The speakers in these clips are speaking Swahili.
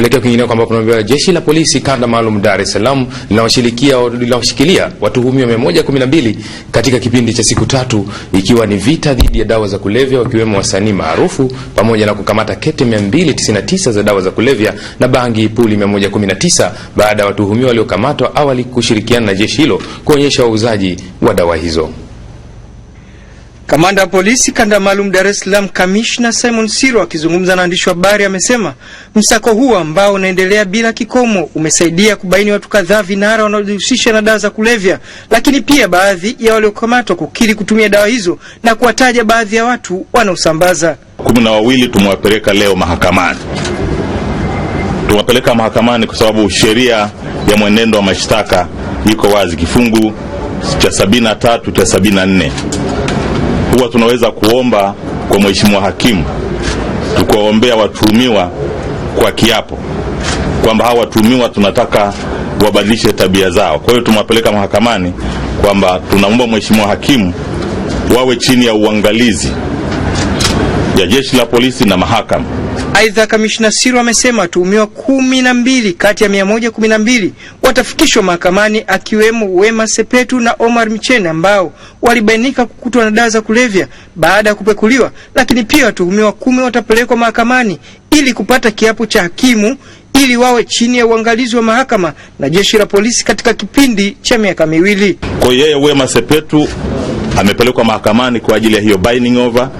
tuelekee kwingine kwamba tunaambiwa jeshi la polisi kanda maalum Dar es Salaam linawashikilia watuhumiwa 112 katika kipindi cha siku tatu, ikiwa ni vita dhidi ya dawa za kulevya, wakiwemo wasanii maarufu pamoja na kukamata kete 299 za dawa za kulevya na bangi puli 119 baada ya watuhumiwa waliokamatwa awali kushirikiana na jeshi hilo kuonyesha wauzaji wa dawa hizo. Kamanda wa polisi kanda maalum Dar es Salaam, kamishna Simon Siro akizungumza na waandishi wa habari amesema msako huu ambao unaendelea bila kikomo umesaidia kubaini watu kadhaa vinara wanaojihusisha na dawa za kulevya, lakini pia baadhi ya waliokamatwa kukiri kutumia dawa hizo na kuwataja baadhi ya watu wanaosambaza. kumi na wawili tumewapeleka leo mahakamani, tumewapeleka mahakamani kwa sababu sheria ya mwenendo wa mashtaka iko wazi, kifungu cha 73 cha 74 huwa tunaweza kuomba kwa mheshimiwa hakimu tukiwaombea watuhumiwa kwa kiapo kwamba hawa watuhumiwa tunataka wabadilishe tabia zao. Kwa hiyo tumewapeleka mahakamani kwamba tunaomba mheshimiwa hakimu wawe chini ya uangalizi ya jeshi la polisi na mahakama. Aidha, kamishna Siro amesema watuhumiwa kumi na mbili kati ya mia moja kumi na mbili watafikishwa mahakamani akiwemo Wema Sepetu na Omar Micheni ambao walibainika kukutwa na dawa za kulevya baada ya kupekuliwa, lakini pia watuhumiwa kumi watapelekwa mahakamani ili kupata kiapo cha hakimu ili wawe chini ya uangalizi wa mahakama na jeshi la polisi katika kipindi cha miaka miwili. Kwa yeye Wema Sepetu amepelekwa mahakamani kwa ajili ya hiyo binding over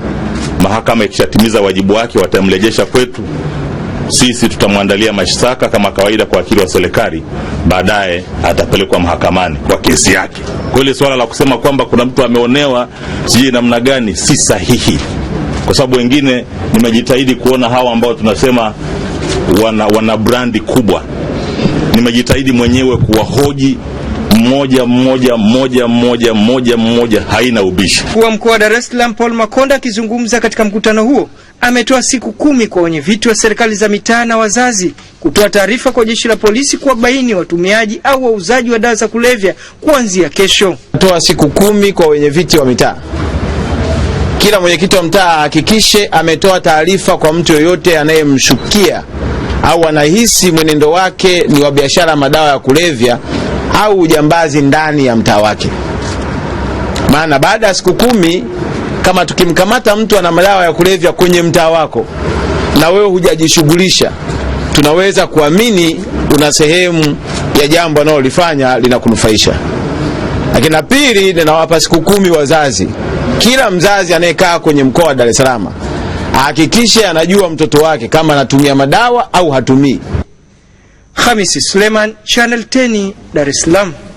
Mahakama ikishatimiza wajibu wake, watamrejesha kwetu sisi, tutamwandalia mashtaka kama kawaida kwa wakili wa serikali, baadaye atapelekwa mahakamani kwa kesi yake. Kwa ile swala la kusema kwamba kuna mtu ameonewa sijui namna gani, si sahihi, kwa sababu wengine, nimejitahidi kuona hawa ambao tunasema wana, wana brandi kubwa, nimejitahidi mwenyewe kuwahoji mmoja mmoja mmoja mmoja mmoja mmoja haina ubishi. Mkuu wa mkoa wa Dar es Salaam Paul Makonda akizungumza katika mkutano huo ametoa siku kumi kwa wenyeviti wa serikali za mitaa na wazazi kutoa taarifa kwa jeshi la polisi kuwabaini watumiaji au wauzaji wa dawa za kulevya kuanzia kesho. Toa siku kumi kwa wenyeviti wa mitaa kila mwenyekiti wa mtaa ahakikishe ametoa taarifa kwa mtu yoyote anayemshukia au anahisi mwenendo wake ni wa biashara madawa ya kulevya, au ujambazi ndani ya mtaa wake. Maana baada ya siku kumi kama tukimkamata mtu ana madawa ya kulevya kwenye mtaa wako na wewe hujajishughulisha, tunaweza kuamini una sehemu ya jambo analolifanya linakunufaisha. Lakini na pili, ninawapa siku kumi wazazi. Kila mzazi anayekaa kwenye mkoa wa Dar es Salaam ahakikishe anajua mtoto wake kama anatumia madawa au hatumii. Hamisi Suleiman, Channel 10, Dar es Salaam.